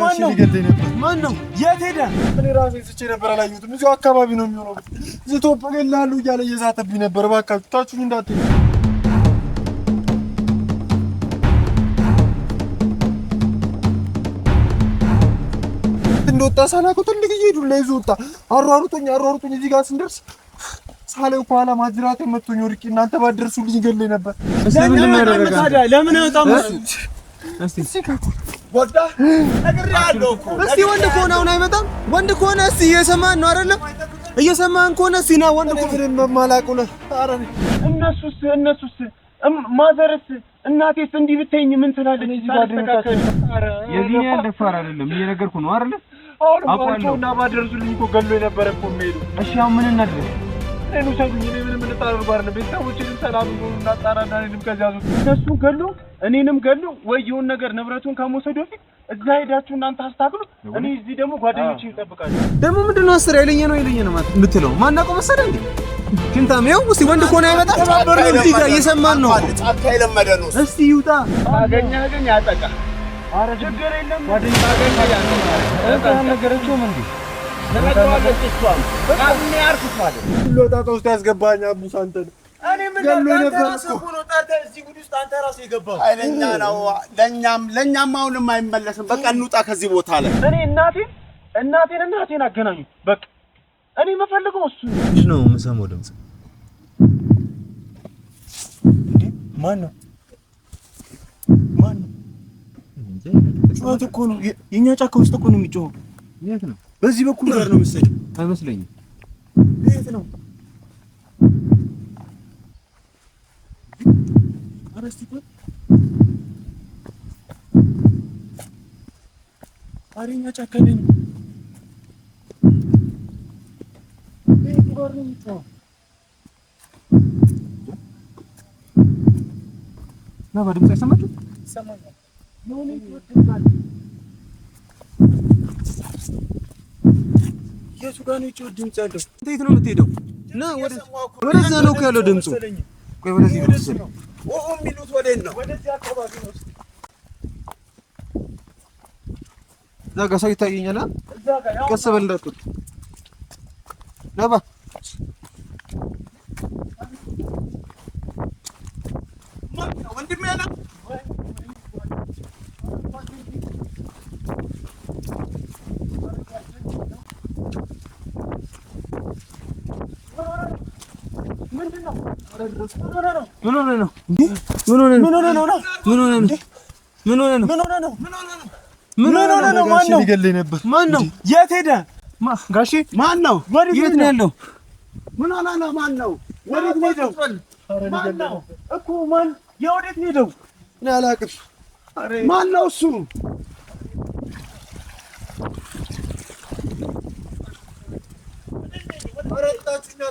ማን ነው? የት ሄደ? እኔ እራሴን ስቼ ነበር አላየሁትም። እዚሁ አካባቢ ነው የሚሆነው። ዝቶብ እገላለሁ እያለ እየዛተብኝ ነበር። እባካችሁ ታችሁ እንዳትሄዱ። እንደወጣ ሳላውቀው ትልቅዬ ዱላ ይዞ ወጣ። አሯሩጦኝ አሯሩጦኝ እዚህ ጋር ስንደርስ ሳለ ከኋላ ማጅራት የመቶኝ ወርቂ እናንተ ባደርሱ ልጅ ገለኝ ነበር። ለምን አይወጣም? እስቲ ወንድ ከሆነ አሁን አይመጣም። ወንድ ከሆነ እስቲ እየሰማን ነው አይደለም? እየሰማን ከሆነ እስቲ ና። ወንድ እነሱስ እነሱስ ማዘርስ እናቴስ እንዲህ ብትይኝ ምን ትላለች? የዚህ ያለ ፋራ አይደለም እየነገርኩህ ነው አይደል? አሁን ወንድ ከሆነ እኮ ገሎ የነበረ እኮ እሺ፣ አሁን ምን እናድርግ? እኔን ውሰዱኝ። እኔ ምንም እንጣረርባ አለ ቤተሰቦችንም ሰላም ሆኑና ጣራና እኔንም ከዚያ ዙ እነሱን ገሎ እኔንም ገሎ ወየውን ነገር ንብረቱን ከመውሰድ በፊት እዛ ሄዳችሁ እናንተ አስታክሉ። እኔ እዚህ ደግሞ ጓደኞች ይጠብቃሉ። ደግሞ ምንድን ነው አስር ያለኝ ነው የለኝ ነው የምትለው ማናውቀው መሰለህ እንዴ ሽንታም ይኸው እስኪ ወንድ ከሆነ አይመጣም። እዚህ ጋር እየሰማን ነው። ጫካ የለመደ ነው። እስቲ ይውጣ። አገኘ አገኝ ያጠቃ። ኧረ ችግር የለም። ጓደኛ አገኝ ያጠቃ። ነገረችውም እንዴ ጣጣ ውስጥ ያስገባኝ አቡስ አንተ ነው። ለእኛም አሁንም አይመለስም። በቃ እንውጣ ከዚህ ቦታ ላይ እኔ እናቴን እናቴን እናቴን አገናኙ። በቃ እኔ የምፈልገው እሱ ነው። የምሰማው ድምፅ ማን ነው? ማን ነው? ጩኸት እኮ ነው። የእኛ ጫካ ውስጥ እኮ ነው የሚጮኸው። የት ነው? በዚህ በኩል ጋር ነው መሰለኝ። አይመስለኝም። የት ነው? ኧረ እስኪ ቆይ ኧረ ጫካ ላይ ነው። የት ጋር ነው የምትሆነው? ድምፅ አይሰማችሁ? ይሰማኛል። የቱ ጋር ነው የጮህ ድምፅ ያለው? እንዴት ነው የምትሄደው? ና ወደዛ ነው ያለው ድምፁ። ቆይ ወደዚህ ነው የሚሉት። ወዴት ነው? እዛ ጋር ሰው ይታየኛል። ቀስ በል ነባ ወንድሜ ምን ሆነህ ነው? ምን ሆነህ ነው? ምን ሆነህ ነው? ምን ሆነህ ነው? ምን ሆነህ ነው? ማን ነው ሊገለኝ ነበር? ማን ነው? የት ሄደ? ጋሼ ማን ነው? የት ነው ምን ሆነህ ነው? ማን ነው? ወዴት ነው የሄደው? ማን ነው እኮ ማን? የወዴት ነው የሄደው? እኔ አላውቅም። ማን ነው እሱ? ኧረ እታችሁ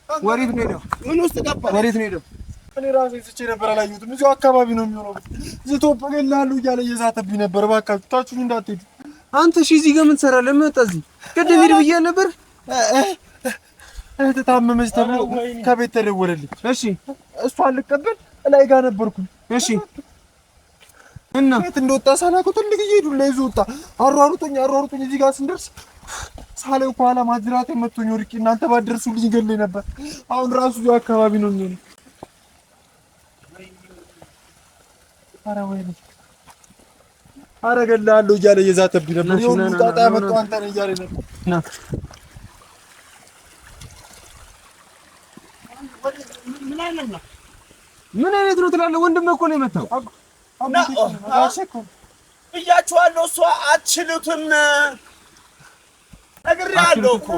ወዴት ነው የሄደው? ምን ውስጥ ገባ? ወዴት ነው የሄደው? እኔ ራሴ ስቼ ነበር አላየሁትም። እዚሁ አካባቢ ነው የሚሆነው። ዝቶ በገላሉ እያለ እየዛተብኝ ነበር። እባካችሁ ታችሁ እንዳትሄዱ። አንተ እሺ፣ እዚህ ጋር ምን ትሰራለህ? ምን መጣህ እዚህ? ቅድም ሂድ ብያለሁ ነበር። እህት ታመመች ተብሎ ከቤት ተደወለልኝ። እሺ፣ እሷን ልቀበል ላይ ጋር ነበርኩኝ። እሺ እና የት እንደወጣ ሳላውቀው ትልቅ እየሄዱ ይዞ ወጣ። አሯሩጦኝ አሯሩጦኝ እዚህ ጋር ስንደርስ ሳለ ከኋላ ማጅራት የመቶኝ ወርቄ እናንተ ባደርሱልኝ ገለኝ ነበር። አሁን ራሱ እዚሁ አካባቢ ነው የሚሆነው። አረ ወይኔ አረ እገላለሁ እያለ እየዛተብኝ ነበር። ይሁን ጣጣ መጥቶ አንተ ነህ እያለ ነበር። ምን አይነት ነው ትላለህ? ወንድምህ እኮ ነው የመታው። ብያችኋለሁ እሷ አትችሉትም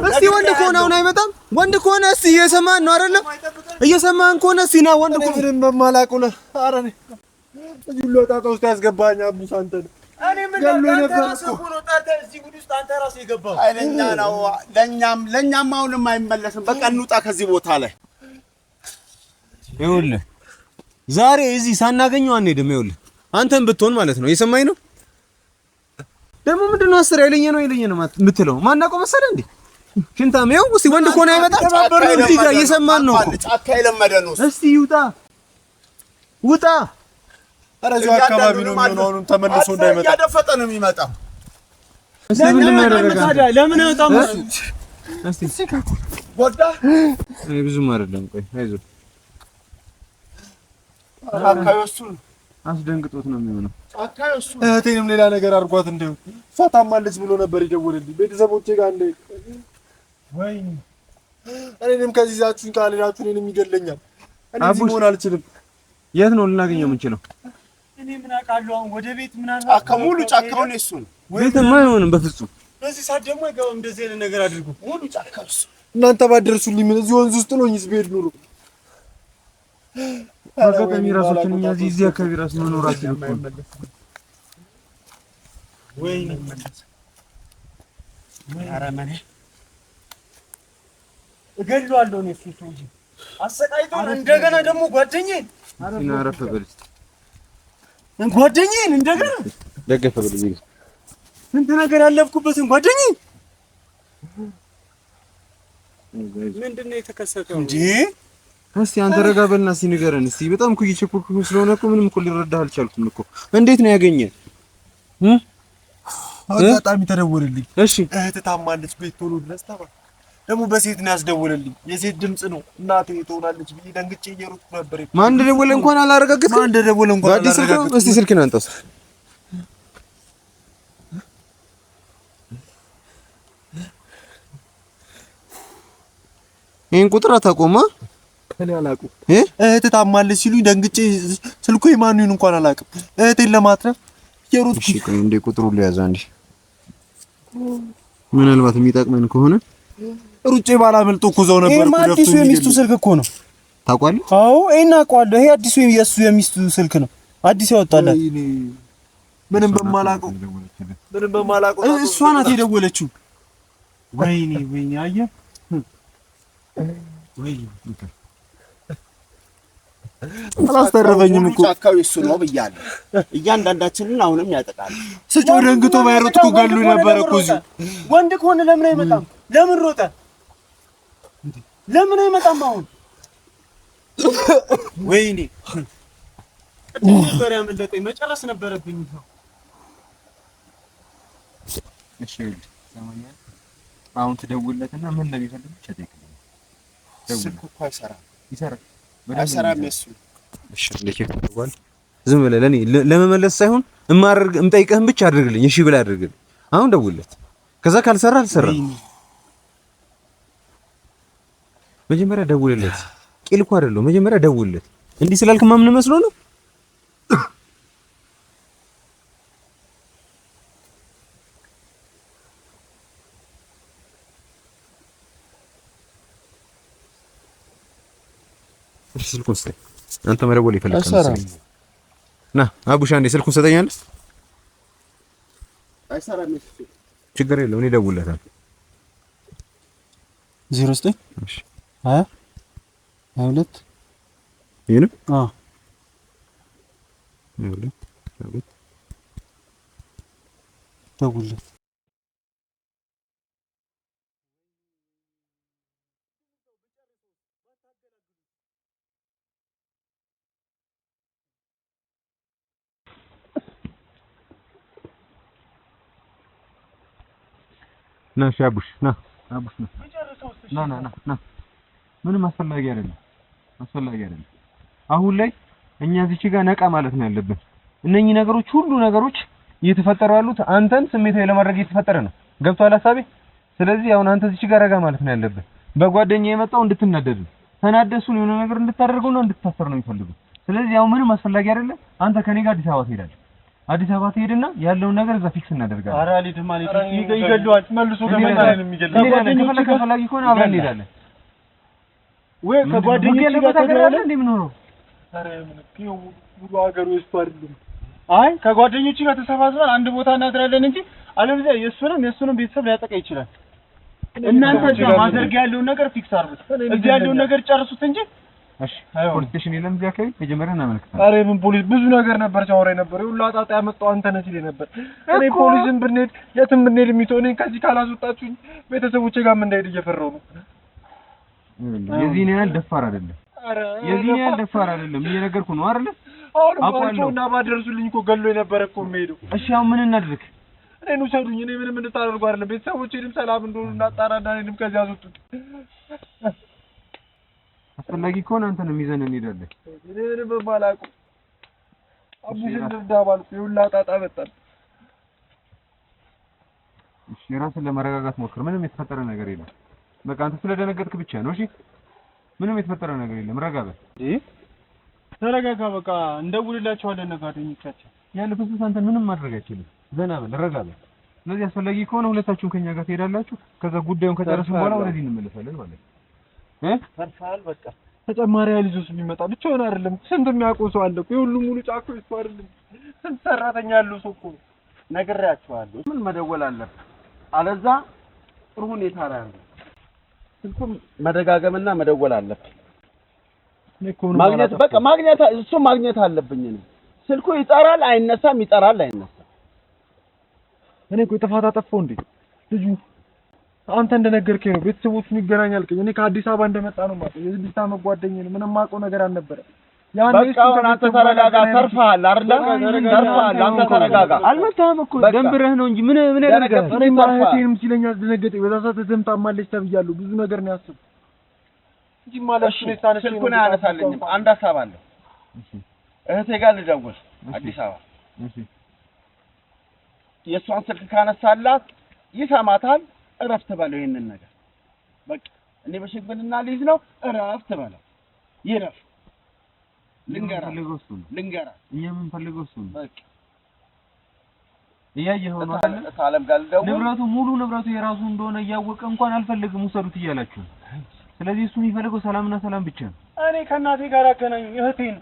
እስቲ ወንድ ከሆነ አሁን አይመጣም። ወንድ ከሆነ እስቲ እየሰማን ነው አይደለም? እየሰማን ከሆነ እስቲ ና። ወንድ ከሆነ ምንም በማላቁ ነው። ኧረ እኔ እዚህ ሁሉ ጣጣ ውስጥ ያስገባኝ አቡስ አንተ ነህ። ለእኛም አሁንም አይመለስም። በቃ እንውጣ ከዚህ ቦታ ላይ። ይኸውልህ ዛሬ እዚህ ሳናገኘው አንሄድም። ይኸውልህ አንተም ብትሆን ማለት ነው። ነው ደግሞ ነው አስር ያለኝ ነው አይለኝ ነው ማለት የምትለው? ማናውቀው መሰለ እንዴ ሽንታም ይኸው። እስቲ ወንድ ከሆነ አይመጣ ተባበሩ። እዚህ ጋር እየሰማን ነው። ጫካ የለመደ ነው። እስቲ ይውጣ፣ ውጣ። ኧረ እዚሁ አካባቢ ነው የሚሆነው። አሁን ተመልሶ እንዳይመጣ ያደፈጠ ነው የሚመጣው። ለምን አይወጣም እሱ? እስቲ ወዳ አይ ብዙም አይደለም። ቆይ አይዞህ፣ አካባቢ እሱ አስደንግጦት ነው የሚሆነው እህቴንም ሌላ ነገር አድርጓት እንደው ሳታማለች ብሎ ነበር የደወለልኝ። ቤተሰቦቼ ጋር እንደ ወይኔ እኔንም ከዚህ ዛችሁን ካልሄዳችሁ እኔንም ይገለኛል። እዚህ መሆን አልችልም። የት ነው ልናገኘው የምንችለው? እኔ ምን አውቃለሁ። አሁን ወደ ቤት ምናምን ሙሉ ነው እሱ ነው። ቤትማ አይሆንም በፍጹም። በዚህ ሰዓት ደግሞ አይገባም። እንደዚህ አይነት ነገር አድርጉ። ሙሉ ጫካ እሱ እናንተ ባደረሱልኝ ምን እዚህ ወንዝ ውስጥ ነው ይዝቤድ ኑሮ አጋጣሚ ራሳችን እኛ እዚህ አካባቢ ራስ መኖራችን እኮ ወይኔ አረመኔ እገድለዋለሁ እኔ እሱ ሰውዬ አሰቃይቶን እንደገና ደግሞ ጓደኛዬን አረፈ በል ጓደኛዬን እንደገና ደገፈ በል ስንት ነገር ያለፍኩበትን ጓደኛዬን ምንድን ነው የተከሰተው እንዴ? እስቲ አንተ ረጋ በልና እስቲ ንገረን እስቲ። በጣም እኮ እየቸኮልኩ ስለሆነ እኮ ምንም እኮ ሊረዳህ አልቻልኩም እኮ። እንዴት ነው ያገኘህ? አጋጣሚ ተደወለልኝ። እሺ እህት ታማለች፣ ቤት ቶሎ ድረስ ተባለ። ደግሞ በሴት ነው ያስደወለልኝ፣ የሴት ድምጽ ነው። እናቴ ትሆናለች ብዬ ደንግጬ እየሮጥኩ ነበር። ማን እንደደወለ እንኳን አላረጋግጥም። ማን እንደደወለ እንኳን አላረጋግጥም። እስቲ ስልክህን አንተስ ይህን ቁጥር አታውቀውም? እህት ታማለች ሲሉኝ ደንግጬ ስልኩ የማንዩን እንኳን አላውቅም። እህቴን ለማትረፍ የሩት እሺ፣ ቆይ እንዴ ቁጥሩ ሊያዛ እንዴ ምናልባት የሚጠቅመን ከሆነ ሩጬ ባላመልጦ እኮ እዛው ነበር። አዲሱ የሚስቱ ስልክ እኮ ነው ታውቃለህ? አዎ፣ ይሄን አውቀዋለሁ። ይሄ አዲሱ የእሱ የሚስቱ ስልክ ነው። አዲስ ያወጣላት ምንም በማላውቀው ምንም በማላውቀው እሷ ናት የደወለችው። ወይኔ ወይኔ አየህ አላስተረፈኝም እኮ ጫካው እሱ ነው ብያለሁ። እያንዳንዳችንን አሁንም ያጠቃል። ስጮ ደንግጦ ባይሮጥ እኮ ገሉ ነበር እኮ እዚሁ። ወንድ ከሆነ ለምን አይመጣም? ለምን ሮጠ? ለምን አይመጣም? አሁን ወይኔ ነበር ያመለጠኝ። መጨረስ ነበረብኝ። እሺ አሁን ትደውልለትና ምን ይሰራል ዝም ብለህ ለኔ ለመመለስ ሳይሆን እማደርግ እምጠይቀህን ብቻ አድርግልኝ። እሺ ብለህ አድርግልኝ። አሁን ደውልለት። ከዛ ካልሰራ አልሰራ። መጀመሪያ ደውልለት። ቂል እኮ አይደለሁ። መጀመሪያ ደውልለት። እንዲህ ስላልክ ማምን መስሎ ነው ስልኩን ስጠኝ። አንተ መደወል ይፈልጋል ና አቡሻ እንዴ ስልኩን ሰጠኛለህ? ችግር የለውም እኔ እደውልለታለሁ። ዜሮ ዘጠኝ ሀያ ሀያ ሁለት ይህንም ደውልለት ና እሺ፣ አቡሽ ና፣ አቡሽ ና፣ ና፣ ና፣ ና፣ ምንም አስፈላጊ አይደለም፣ አስፈላጊ አይደለም። አሁን ላይ እኛ እዚች ጋር ነቃ ማለት ነው ያለብን። እነኚህ ነገሮች ሁሉ ነገሮች እየተፈጠሩ ያሉት አንተን ስሜታዊ ለማድረግ እየተፈጠረ ነው። ገብቷል ሀሳቤ? ስለዚህ አሁን አንተ እዚች ጋር ረጋ ማለት ነው ያለብን። በጓደኛ የመጣው እንድትናደድ ተናደሱን የሆነ ነገር እንድታደርገውና እንድትታሰር ነው የሚፈልገው። ስለዚህ አሁን ምንም አስፈላጊ አይደለም። አንተ ከኔ ጋር አዲስ አበባ ትሄዳለህ። አዲስ አበባ ትሄድና ያለውን ነገር እዛ ፊክስ እናደርጋለን። አይ ከጓደኞች ጋር ተሰባስበን አንድ ቦታ እናድራለን እንጂ አለበለዚያ የእሱንም የእሱንም ቤተሰብ ሊያጠቃ ይችላል። እናንተ ማዘርጋ ያለውን ነገር ፊክስ አርጉት፣ እዚህ ያለውን ነገር ጨርሱት እንጂ እሺ ፖሊስ ስቴሽን የለም እዚህ አካባቢ መጀመሪያ እናመልክታለን። ኧረ ምን ፖሊስ ብዙ ነገር ነበር ሲያወራ የነበረ ሁሉ አጣጣ ያመጣው አንተ ነህ ሲለኝ ነበር። እኔ ፖሊስን ብንሄድ የትም ብንሄድ የሚተው እኔ ከዚህ ካላስወጣችሁኝ ቤተሰቦቼ ጋር ምን እንዳይሄድ እየፈራሁ ነው። የዚህን ያህል ደፋር አይደለም፣ የዚህን ያህል ደፋር አይደለም እየነገርኩህ ነው አይደል? አሁን ባልቾ እና ባደረሱልኝ እኮ ገሎ የነበረ እኮ የሚሄደው። እሺ አሁን ምን እናድርግ? እኔን ውሰዱኝ። እኔ ምንም እንድታደርጉ አይደለም። ቤተሰቦቼንም ሰላም እንደሆኑ እናጣራና እኔንም ከዚህ አስወጡት። አስፈላጊ ከሆነ ነው ይዘን እንሄዳለን። እኔ በባል አቁ አቡሽ ባልኩ ይውላ ጣጣ በጣል። እሺ ራስን ለማረጋጋት ሞክር። ምንም የተፈጠረ ነገር የለም። በቃ አንተ ስለደነገጥክ ብቻ ነው። እሺ ምንም የተፈጠረ ነገር የለም። ረጋበት እህ ተረጋጋ። በቃ እንደውልላቸዋለን ጓደኞቻችን። ያለ ፍስስ አንተ ምንም ማድረግ አይችልም። ዘና በል፣ ረጋበት። ስለዚህ አስፈላጊ ከሆነ ሁለታችሁም ከኛ ጋር ትሄዳላችሁ። ከዛ ጉዳዩን ከጨረስን በኋላ ወደዚህ እንመለሳለን ማለት ነው። ፈርሳል በቃ ተጨማሪ ኃይል ይዞስ የሚመጣ ብቻውን አይደለም። ስንት የሚያውቀው ሰው አለ እኮ። የሁሉም ሙሉ ጫኮ እሱ አይደለም። ስንት ሰራተኛ ያለው ሰው እኮ ነግሬያቸዋለሁ። ምን መደወል አለብህ፣ አለዛ ጥሩ ሁኔታ ላይ አለ። ስልኩም መደጋገምና መደወል አለብህ። ማግኘት በቃ ማግኘት እሱ ማግኘት አለብኝ ነው። ስልኩ ይጠራል አይነሳም፣ ይጠራል አይነሳም። እኔ እኮ ጥፋት አጠፋው እንዴ ልጁ አንተ እንደነገርከኝ ነው። ቤተሰቦቹን ይገናኛል ከኝ እኔ ከአዲስ አበባ እንደመጣ ነው ማለት ነው። የስድስት ዓመት ጓደኛዬ ነው። ምንም የማውቀው ነገር አልነበረም። ያኔ እሱ ተረጋጋ። አይደለ? አንተ ተረጋጋ። ነው እንጂ ምን ምን እኔ ብዙ ነገር ነው እንጂ ነው። ታነሽ አንድ አለ። አዲስ አበባ። የሷን ስልክ ካነሳላት ይሰማታል እረፍት በለው ይሄንን ነገር በቃ እኔ በሽምግልና ልይዝ ነው። እረፍት በለው ይረፍ። ልንገራ ልንገራ የምንፈልገው እሱ ነው። በቃ እያየኸው ነው አይደል? ጋር ልደውል። ንብረቱ ሙሉ ንብረቱ የራሱ እንደሆነ እያወቀ እንኳን አልፈልግም ውሰዱት እያላችሁ፣ ስለዚህ እሱ የሚፈልገው ሰላምና ሰላም ብቻ ነው። እኔ ከእናቴ ጋር አገናኙ እህቴ ነው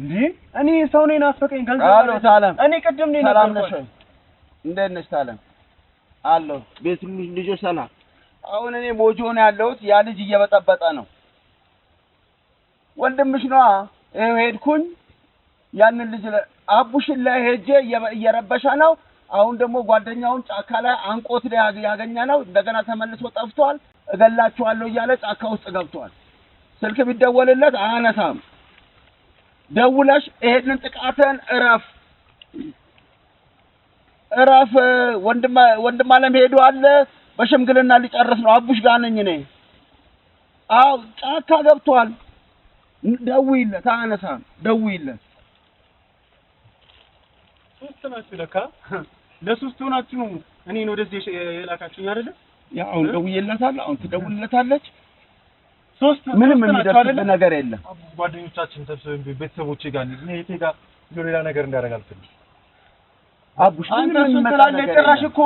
እንዴ እኔ ሰው ነኝ። ናፈቀኝ ገንዘብ እኔ ቅድም ነኝ። ሰላም ነሽ? እንዴት ነሽ ታለም አለሁ ቤት ልጆች ሰላም። አሁን እኔ ሞጆ ነው ያለሁት። ያ ልጅ እየበጠበጠ ነው። ወንድምሽ ነዋ። ይኸው ሄድኩኝ ያንን ልጅ አቡሽን ላይ ሄጄ እየረበሸ ነው። አሁን ደግሞ ጓደኛውን ጫካ ላይ አንቆት ላይ ያገኘ ነው። እንደገና ተመልሶ ጠፍቷል። እገላችኋለሁ እያለ ጫካ ውስጥ ገብቷል። ስልክ ቢደወልለት አያነሳም። ደውለሽ ይሄንን ጥቃትን እረፍ እረፍ ወንድም ወንድም አለም አለ በሽምግልና ሊጨርስ ነው። አቡሽ ጋር ነኝ እኔ። አዎ ጫካ ገብቷል። ደውይለት፣ አነሳ ደውይለት። ሶስት ናችሁ ለካ። እኔን ወደዚህ የላካችሁኝ አይደለ? ያው አሁን ትደውልለታለች። ሶስት ምንም የሚደርስብ ነገር የለም። ጓደኞቻችን ተሰብስበን ቤተሰቦቼ ጋር ሌላ ነገር እንዳደርጋልኩኝ አቡሽ ምን ትላለህ? ጭራሽ እኮ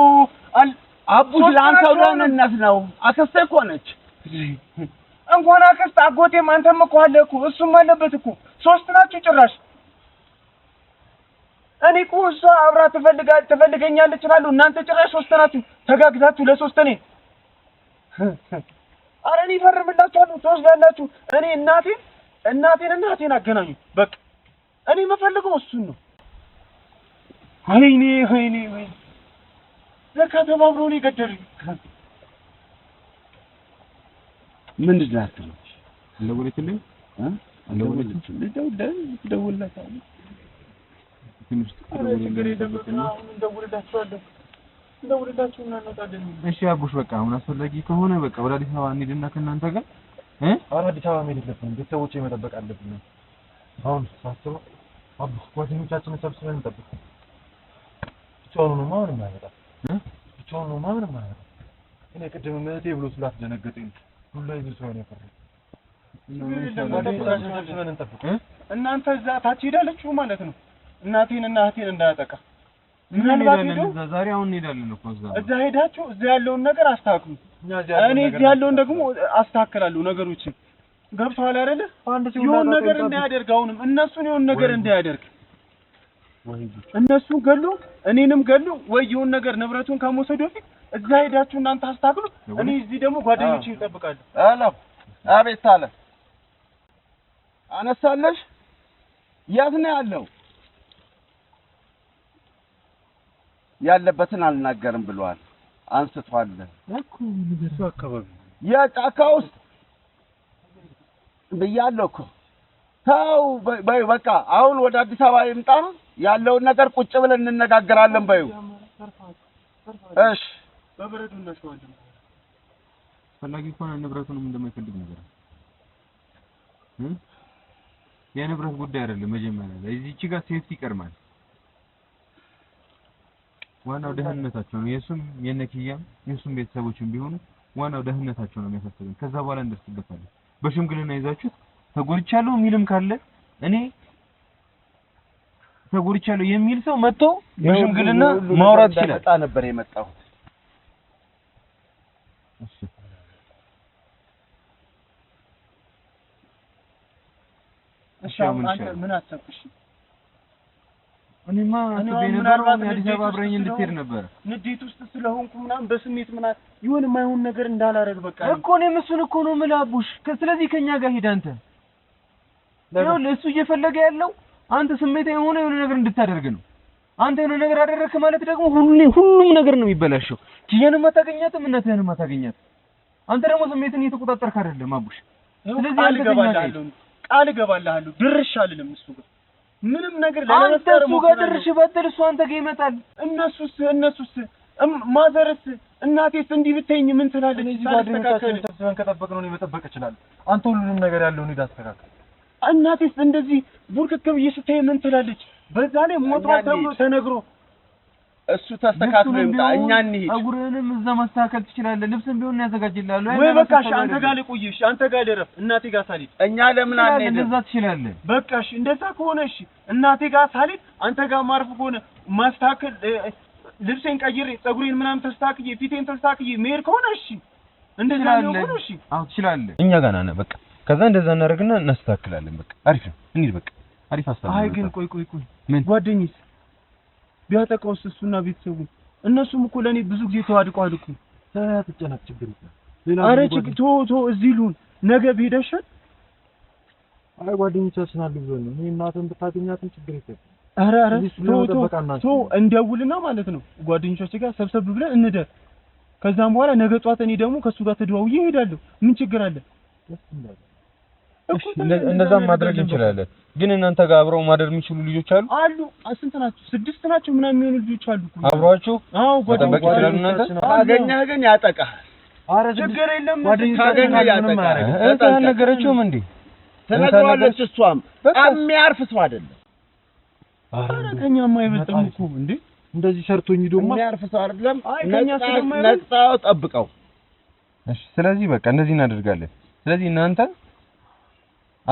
አቡሽ ለአንተ ነው። አክስቴ እኮ ነች። እንኳን አክስት አጎቴም አንተም እኮ አለ እኮ እሱም አለበት እኮ ሶስት ናችሁ ጭራሽ። እኔ እኮ እሷ አብራ ትፈልጋ ትፈልገኛለች እላለሁ። እናንተ ጭራሽ ሶስት ናችሁ ተጋግዛችሁ ለሶስት እኔ አረ እኔ እፈርምላችኋለሁ። እኔ እናቴን እናቴን እናቴን አገናኙ። በቃ እኔ የምፈልገው እሱን ነው። ወይኔ ወይኔ ወይ ለካ ተባብሮ ነው የገደሉኝ። ምንድን ነው አትልም? አልደወለችልኝ እ አልደወለችም እደውልላታለሁ። እሺ አቡሽ፣ በቃ አሁን አስፈላጊ ከሆነ በቃ ወደ አዲስ አበባ እንሂድና ከእናንተ ጋር እ አዲስ አበባ መሄድ የለብንም ቤተሰቦቼ መጠበቅ አለብን። አሁን ሳስበው አቡሽ ጓደኞቻችንን ሰብስበን እንጠብቅ ብቻውንማ ምንም አይመጣም። ብቻውንማ ምንም አይመጣም። እኔ ቅድም እህቴ ብሎ ስላት ደነገጠኝ። ሁሉ ዱላ ሰው ነው ፈረ እናንተ እዛ ታች ሄዳለችሁ ማለት ነው። እናቴን እና እህቴን እንዳያጠቃ ምናልባት ሄዶ ዛሬ አሁን እንሄዳለን እኮ እዛ እዛ ሄዳችሁ እዛ ያለውን ነገር አስተካክሉ። እኔ እዚህ ያለውን ደግሞ አስተካክላለሁ ነገሮችን ገብቶሃል አይደለ? የሆን ነገር እንዳያደርግ አሁንም እነሱን የሆን ነገር እንዳያደርግ እነሱን ገሉ እኔንም ገሉ ወየውን ነገር ንብረቱን ከመውሰድ በፊት እዛ ሄዳችሁ እናንተ አስታግሉ። እኔ እዚህ ደግሞ ጓደኞቼ ይጠብቃሉ። አላም አቤት አለ አነሳለሽ የት ነው ያለው ያለበትን አልናገርም ብለዋል። አንስቷል ያ ጫካ ውስጥ ብያለሁ እኮ ተው በይ በቃ አሁን ወደ አዲስ አበባ ይምጣ። ያለውን ነገር ቁጭ ብለን እንነጋገራለን። በይ እሺ፣ በበረዱ እናሸዋለን። ፈላጊ ከሆነ ንብረቱንም እንደማይፈልግ ነገር የንብረት ጉዳይ አይደለም። መጀመሪያ ላይ እዚች ጋር ሴፍቲ ይቀድማል። ዋናው ደህንነታቸው ነው። የሱም የነኪያም የሱም ቤተሰቦችም ቢሆኑ ዋናው ደህንነታቸው ነው የሚያሳስበን። ከዛ በኋላ እንደርስበታለን። በሽምግልና ይዛችሁት ተጎድቻለሁ የሚልም ካለ እኔ ተጎድቻለሁ የሚል ሰው መጥቶ በሽምግልና ማውራት ይችላል። ጣ ነበር የመጣሁት እሺ፣ ምን አሰብሽ? አዲስ አበባ አብረኝ እንድትሄድ ነበረ። ንዴት ውስጥ ስለሆንኩ ምናምን በስሜት ምናምን ይሆን የማይሆን ነገር እንዳላረግ በቃ እኮ እኔም እሱን እኮ ነው የምልህ አቡሽ። ስለዚህ ከኛ ጋር ሂድ አንተ ይኸውልህ እሱ እየፈለገ ያለው አንተ ስሜታዊ የሆነ የሆነ ነገር እንድታደርግ ነው። አንተ የሆነ ነገር አደረግክ ማለት ደግሞ ሁሉ ሁሉም ነገር ነው የሚበላሸው። ኪያንም አታገኛትም፣ እናትህንም አታገኛትም። አንተ ደግሞ ስሜትን እየተቆጣጠርክ አይደለም አቡሽ። ስለዚህ አንተ ገባለህ፣ ቃል እገባልሃለሁ፣ ድርሽ አልልም እሱ ጋር ምንም ነገር አንተ እሱ ጋር ድርሽ በትል እሱ አንተ ጋር ይመጣል። እነሱስ እነሱስ ማዘርስ እናቴስ እንዲህ ብትይኝ ምን ትላለች? እዚህ ጓደኞቻችን ተሰብስበን ከጠበቅነው እኔ መጠበቅ እችላለሁ። አንተ ሁሉንም ነገር ያለውን ሂድ አስተካክል። እናቴስ እንደዚህ ቡርክክ ብዬ ስታይ ምን ትላለች? በዛ ላይ ሞቷል ተብሎ ተነግሮ እሱ ተስተካክሎ ይምጣ። እኛ እንሂድ። ጸጉርህንም እዛ ማስተካከል ትችላለህ። ልብስም ቢሆን ያዘጋጅልሃል ወይ? በቃ እሺ፣ አንተ ጋር ልቆይ። እሺ፣ አንተ ጋር ልረፍ። እናቴ ጋር ሳልሄድ እኛ ለምን አንሄድም? እንደዛ ትችላለህ። በቃ እሺ፣ እንደዛ ከሆነ እሺ፣ እናቴ ጋር ሳልሄድ አንተ ጋር ማርፍ ከሆነ ማስተካከል፣ ልብሴን ቀይሬ ጸጉሬን ምናምን ተስተካክዬ ፊቴን ተስተካክዬ መሄድ ከሆነ እሺ፣ እንደዛ ነው። እሺ፣ አዎ፣ ትችላለህ። እኛ ጋር ነህ። በቃ ከዛ እንደዛ እናደርግና እናስተካክላለን። በቃ አሪፍ ነው። እንሂድ በቃ አሪፍ አስተካክል። አይ ግን ቆይ ቆይ ቆይ፣ ምን ጓደኝስ ቢያጠቃውስ? እሱና ቤተሰቡ እነሱም እኮ ለእኔ ብዙ ጊዜ ተዋድቆ አድቁ ተጨናቅ ችግር ይላል። አረ ችግር ቶ ቶ እዚህ ሉን ነገ ብሄደሻል። አይ ጓደኞቻችን አሉ ብሎ ነው። እኔ እናትን ብታገኛትም ችግር የለም። አረ አረ ቶ ቶ ቶ እንደውልና ማለት ነው ጓደኞቻችን ጋር ሰብሰብ ብለን እንደር። ከዛም በኋላ ነገ ጧት እኔ ደግሞ ከእሱ ጋር ተደዋውዬ እሄዳለሁ። ምን ችግር አለ? ደስ እንዳለ እንደዛም ማድረግ እንችላለን። ግን እናንተ ጋር አብረው ማደር የሚችሉ ልጆች አሉ አሉ። ስንት ናቸው? ስድስት ናቸው ምናምን የሚሆኑ ልጆች አሉ አብሯችሁ። አዎ፣ መጠበቅ ይችላሉ። እናንተ ካገኘህ ግን ያጠቃህ። ኧረ ችግር የለም ካገኘህ ያጠቃህ። እህት አልነገረችውም እንዴ? ትነግረዋለች። እሷም የሚያርፍ ሰው አይደለም። ኧረ ከእኛማ አይበልጥም እኮ እንዴ እንደዚህ ሰርቶኝ ደግሞ የሚያርፍ ሰው አይደለም። ነቅጣው ጠብቀው። እሺ፣ ስለዚህ በቃ እንደዚህ እናደርጋለን። ስለዚህ እናንተ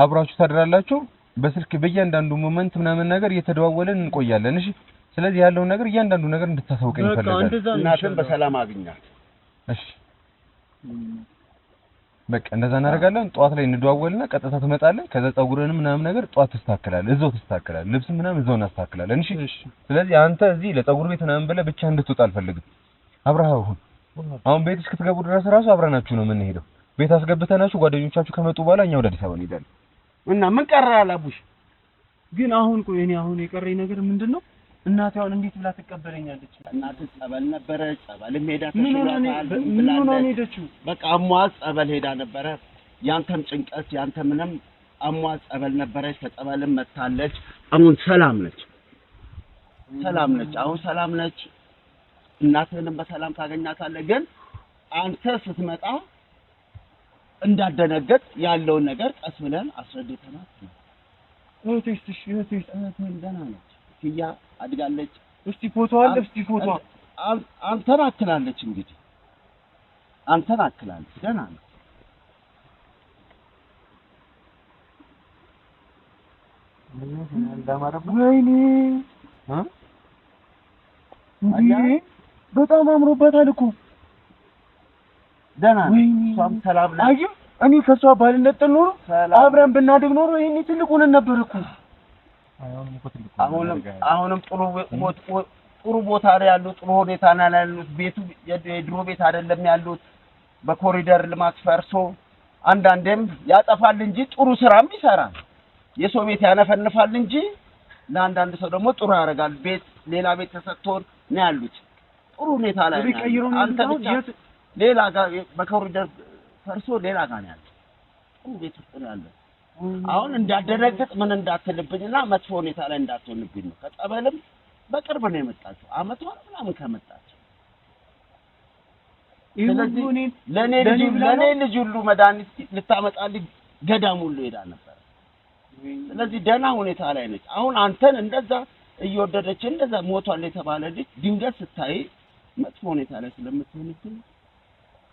አብራችሁ ታድራላችሁ። በስልክ በእያንዳንዱ ሞመንት ምናምን ነገር እየተደዋወለን እንቆያለን። እሺ፣ ስለዚህ ያለውን ነገር እያንዳንዱ ነገር እንድታሳውቀኝ ይፈልጋል። እናትን በሰላም አግኛት። እሺ፣ በቃ እንደዛ እናደርጋለን። ጠዋት ላይ እንደዋወልና ቀጥታ ትመጣለህ። ከዛ ፀጉርንም ምናምን ነገር ጠዋት ትስተካከላለህ፣ እዛው ትስተካከላለህ። ልብስ ምናምን እዛው እናስተካክላለን። እሺ፣ ስለዚህ አንተ እዚህ ለፀጉር ቤት ምናምን ብለህ ብቻ እንድትወጣ አልፈልግም። አብረህ አሁን አሁን ቤት እስክትገቡ ድረስ ራሱ አብረናችሁ ነው የምንሄደው። ቤት አስገብተናችሁ ጓደኞቻችሁ ከመጡ በኋላ እኛ ወደ አዲስ አበባ እንሄዳለን። እና ምን ቀረ አላቡሽ? ግን አሁን ቆይ እኔ አሁን የቀረኝ ነገር ምንድን ነው? እናቴ አሁን እንዴት ብላ ትቀበለኛለች? እናት ጸበል ነበረ፣ ጸበል ሄዳ ምን ሆና ሄደችው? በቃ አሟ ጸበል ሄዳ ነበረ። ያንተም ጭንቀት ያንተ ምንም አሟ ጸበል ነበረች። ከጸበልም መታለች። አሁን ሰላም ነች፣ ሰላም ነች። አሁን ሰላም ነች። እናትህንም በሰላም ታገኛታለህ። ግን አንተ ስትመጣ እንዳደነገጥ ያለውን ነገር ቀስ ብለን አስረድተናት ነው። እህቴስ እሺ፣ እህቴስ እህቴን ደህና ነች፣ እትያ አድጋለች። እስቲ ፎቶ አለ፣ እስቲ ፎቶ አንተን አክላለች። እንግዲህ አንተን አክላለች፣ ደህና ነው። ወይኔ በጣም አምሮበታል እኮ ደህና እሷም ሰላም ነው። አይ እኔ ከእሷ ባልነጠል ኖሮ አብረን ብናድግ ኖሮ ይሄኔ ትልቁን ነበር እኮ። አሁንም አሁንም ጥሩ ቦታ ላይ ያሉት ጥሩ ሁኔታ ላይ ያሉት ቤቱ የድሮ ቤት አይደለም ያሉት በኮሪደር ልማት ፈርሶ አንዳንዴም ያጠፋል እንጂ ጥሩ ስራም ይሰራል። የሰው ቤት ያነፈንፋል እንጂ ለአንዳንድ ሰው ደግሞ ጥሩ ያደርጋል። ቤት ሌላ ቤት ተሰጥቶን ነው ያሉት ጥሩ ሁኔታ ላይ አንተ ብቻ ሌላ ጋር በኮሪደር ፈርሶ ሌላ ጋር ነው ያለው። ቤት ውስጥ ነው ያለው። አሁን እንዳደረግጥ ምን እንዳትልብኝና መጥፎ ሁኔታ ላይ እንዳትሆንብኝ ነው። ከጠበልም በቅርብ ነው የመጣችው፣ አመቷ ምናምን ከመጣችው። ስለዚህ ለእኔ ልጅ ሁሉ መድኃኒት ልታመጣልኝ ገዳም ሁሉ ሄዳ ነበር። ስለዚህ ደህና ሁኔታ ላይ ነች። አሁን አንተን እንደዛ እየወደደች እንደዛ ሞቷል የተባለ ልጅ ድንገት ስታይ መጥፎ ሁኔታ ላይ ስለምትሆንብኝ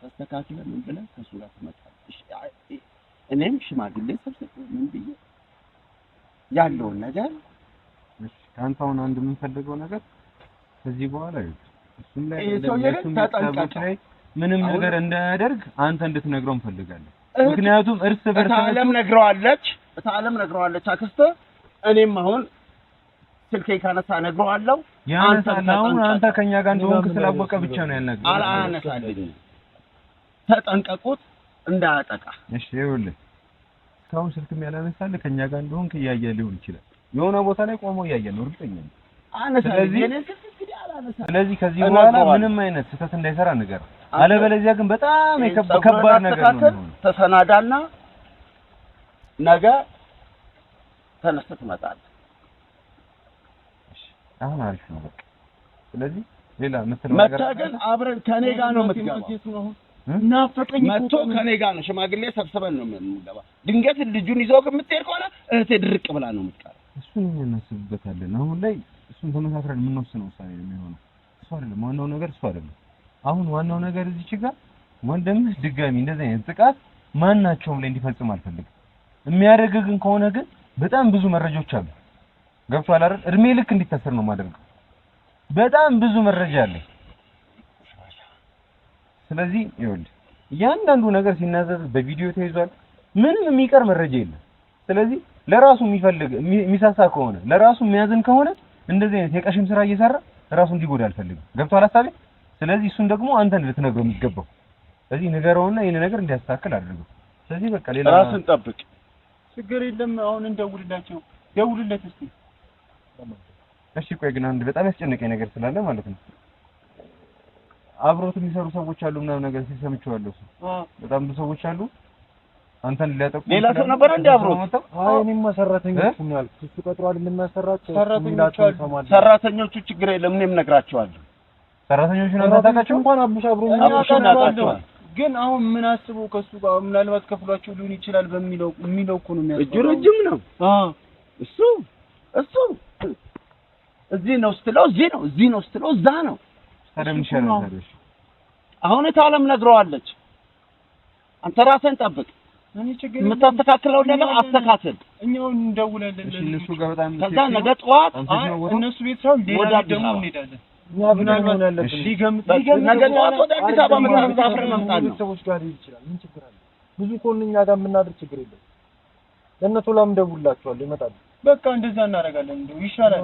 ተስተካክለ ምን ብለ ከሱ ጋር ትመጣለህ። እኔም ሽማግሌ ሰብሰብ ምን ብዬ ያለውን ነገር ከአንተ አሁን አንድ የምንፈልገው ነገር ከዚህ በኋላ እሱም ላይ ላይ ምንም ነገር እንዳያደርግ አንተ እንድትነግረው እንፈልጋለን። ምክንያቱም እርስ በርስ ታለም ነግረዋለች፣ ታለም ነግረዋለች አክስተ እኔም አሁን ስልኬ ካነሳ ነግረዋለሁ። አንተ አንተ ከኛ ጋር እንደሆንክ ስላወቀ ብቻ ነው ያናግረው። አላነሳልኝ ተጠንቀቁት እንዳያጠቃ። እሺ ይኸውልህ እስካሁን ስልክም ያላነሳልህ ከእኛ ጋር እንደሆንክ እያየህ ሊሆን ይችላል። የሆነ ቦታ ላይ ቆሞ እያየህ ነው፣ እርግጠኛ ስለዚህ ከዚህ በኋላ ምንም አይነት ስህተት እንዳይሰራ ነገር፣ አለበለዚያ ግን በጣም ከባድ ነገር ነው። ተሰናዳና ነገ ተነስተህ ትመጣለህ። አሁን አሪፍ ነው በቃ። ስለዚህ ሌላ መተህ ግን አብረን ከኔ ጋር ነው የምትገባው ናፈቀኝ። መቶ ከኔ ጋር ነው ሽማግሌ ሰብስበን ነው የምንገባ። ድንገት ልጁን ይዘው የምትሄድ ከሆነ እህቴ ድርቅ ብላ ነው የምትቀረው። እሱን እናስብበታለን። አሁን ላይ እሱን ተመካክረን የምንወስነው ውሳኔ ነው የሚሆነው። እሱ አይደለም ዋናው ነገር፣ እሱ አይደለም አሁን ዋናው ነገር። እዚች ጋር ወንድም ድጋሚ እንደዚህ አይነት ጥቃት ማናቸውም ላይ እንዲፈጽም አልፈልግም። የሚያደርግህን ከሆነ ግን በጣም ብዙ መረጃዎች አሉ። ገብቶሃል አይደል? እድሜ ልክ እንዲታሰር ነው የማደርገው። በጣም ብዙ መረጃ አለ። ስለዚህ ይኸውልህ እያንዳንዱ ነገር ሲናዘዝ በቪዲዮ ተይዟል። ምንም የሚቀር መረጃ የለም። ስለዚህ ለራሱ የሚፈልግ የሚሳሳ ከሆነ ለራሱ የሚያዝን ከሆነ እንደዚህ አይነት የቀሽም ስራ እየሰራ ራሱ እንዲጎዳ አልፈልግም። ገብቶሃል ሀሳቤ? ስለዚህ እሱን ደግሞ አንተን ልትነግረው የሚገባው ስለዚህ ንገረውና ይሄን ነገር እንዲያስተካክል አድርገው። ስለዚህ በቃ ሌላ ራስን ጠብቅ። ችግር የለም። አሁን እንደውልላቸው፣ ደውልለት እስቲ። እሺ ቆይ ግን አንድ በጣም ያስጨነቀኝ ነገር ስላለ ማለት ነው አብሮት የሚሰሩ ሰዎች አሉ ምናምን ነገር ሲሰምቸዋለሁ። በጣም ብዙ ሰዎች አሉ። አንተን ሊያጠቁ ሌላ ሰው ነበር እንዴ አብሮት? አይ እኔማ ሰራተኞች ነው ያልኩት። እሱ እንደማሰራቸው ሰራተኞች አሉ። ሰራተኞቹ። ችግር የለም እኔም ነግራቸዋለሁ። ሰራተኞቹ ነው ታውቃቸው። እንኳን አብሽ አብሮ ምን ነው ግን አሁን ምን አስበው ከሱ ጋር ምናልባት ከፍሏቸው ሊሆን ይችላል በሚለው የሚለው እኮ ነው የሚያስበው። እጅ ረጅም ነው። አዎ እሱ እሱ እዚህ ነው ስትለው እዚህ ነው፣ እዚህ ነው ስትለው እዛ ነው አሁን ታለም ነግረዋለች። አንተ ራስህን ጠብቅ። የምታስተካክለው ነገር አስተካክል። እኛው እንደውላለን። እነሱ ጋር በጣም ከዛ ነገ ጠዋት እነሱ ቤት ሳይሆን ሌላ ደግሞ እንሄዳለን። ወደ አዲስ አበባ መምጣት ነው። ሰዎች ጋር ይችላል። ምን ችግር አለ? ብዙ ችግር የለም። ለእነ በቃ እንደዛ እናደርጋለን። እንደው ይሻላል።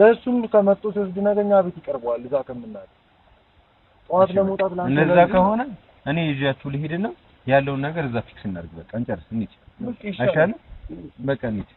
ለእሱም ከመጡ ሲወስድ ነገ እኛ ቤት ይቀርበዋል። እዛ ከምናል ጠዋት ለመውጣት ላንተ እንደዛ ከሆነ እኔ ይዣችሁ ልሄድና ያለውን ነገር እዛ ፊክስ እናድርግ። በቃ እንጨርስ። እንሂድ። አይሻልም? በቃ እንሂድ።